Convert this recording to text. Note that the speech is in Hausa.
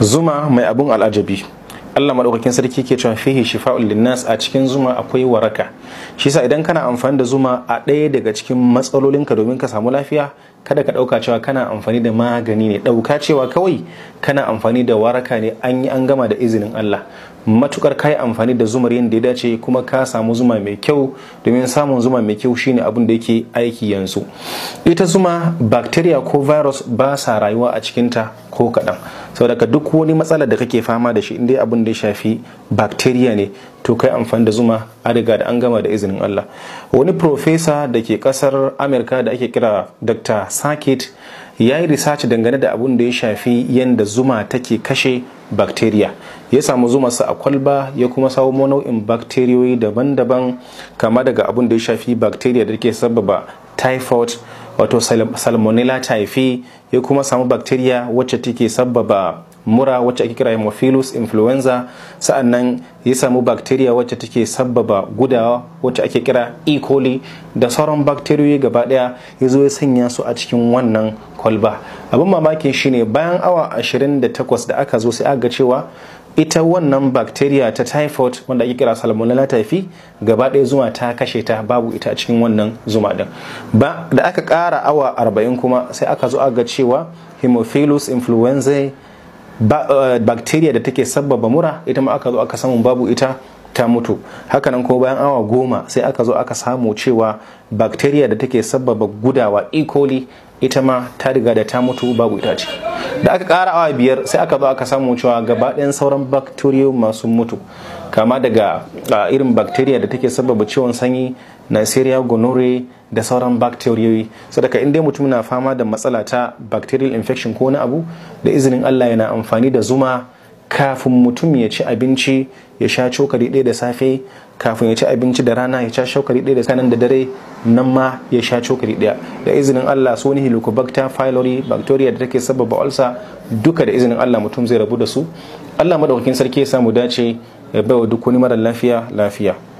zuma mai abun al'ajabi Allah maɗaukakin sarki ke cewa fihi shifa'ul linnas a cikin zuma akwai waraka shi yasa idan kana amfani da zuma a ɗaya daga cikin matsalolinka domin ka samu lafiya kada ka ɗauka cewa kana amfani da magani ne ɗauka cewa kawai kana amfani da waraka ne an yi an gama da izinin Allah matukar ka yi amfani da zumar yadda ya dace kuma ka samu zuma mai kyau domin samun zuma mai kyau shine abin da yake aiki yanzu ita zuma bacteria ko virus ba sa rayuwa a cikinta ko kaɗan saboda duk wani matsala da kake fama da shi inda abin da ya shafi bacteria ne to kai amfani da zuma a riga da an gama da izinin Allah wani profesa da ke kasar Amurka da ake kira Dr. Sakit ya yi research dangane da abun da ya shafi yadda zuma take kashe bacteria ya samu su a kwalba ya kuma samu nau'in bakteriyoyi daban-daban kama daga abun da ya shafi bacteria da ke sababa typhoid wato salmonella typhi ya kuma samu bacteria wacce take sababa mura wacce ake kira hemophilus influenza sa'an nan ya samu bacteria wacce take sabbaba gudawa wacce ake kira E. coli da sauran bakteriyoyi gaba daya ya zo ya sanya su a cikin wannan kwalba abin mamakin shine bayan awa 28 da aka zo sai aka cewa ita wannan bacteria ta typhoid wanda ake kira salmonella typhi gaba daya zuma ta kashe ta babu ita a cikin wannan zuma din ba da aka ƙara awa 40 kuma sai aka zo ga cewa hemophilus influenzae Eh, bacteria da take sabbaba mura ita ma aka zo aka samu babu ita ta mutu hakanan ko bayan awa goma sai aka zo aka samu cewa bacteria da take sabbaba gudawa e. coli ita ma ta riga da ta mutu babu ita ce da aka kara awa biyar sai aka zo aka samu cewa gaba ɗayan sauran bacteria masu mutu kama daga irin bacteria da take sababa ciwon sanyi Neisseria gonorrhea da sauran bacteriyoyi sadaka in inda mutum na fama da matsala ta bacterial infection ko na abu da izinin Allah yana amfani da zuma kafin mutum ya ci abinci ya sha cokali ɗaya da safe kafin ya ci abinci da rana ya sha cokali ɗaya da kanan da dare nan ma ya sha cokali ɗaya da izinin Allah su ne helicobacter pylori bacteria da take sababa ulcer duka da izinin Allah mutum zai rabu da su Allah madaukakin sarki ya samu dace ya wa duk wani mara lafiya lafiya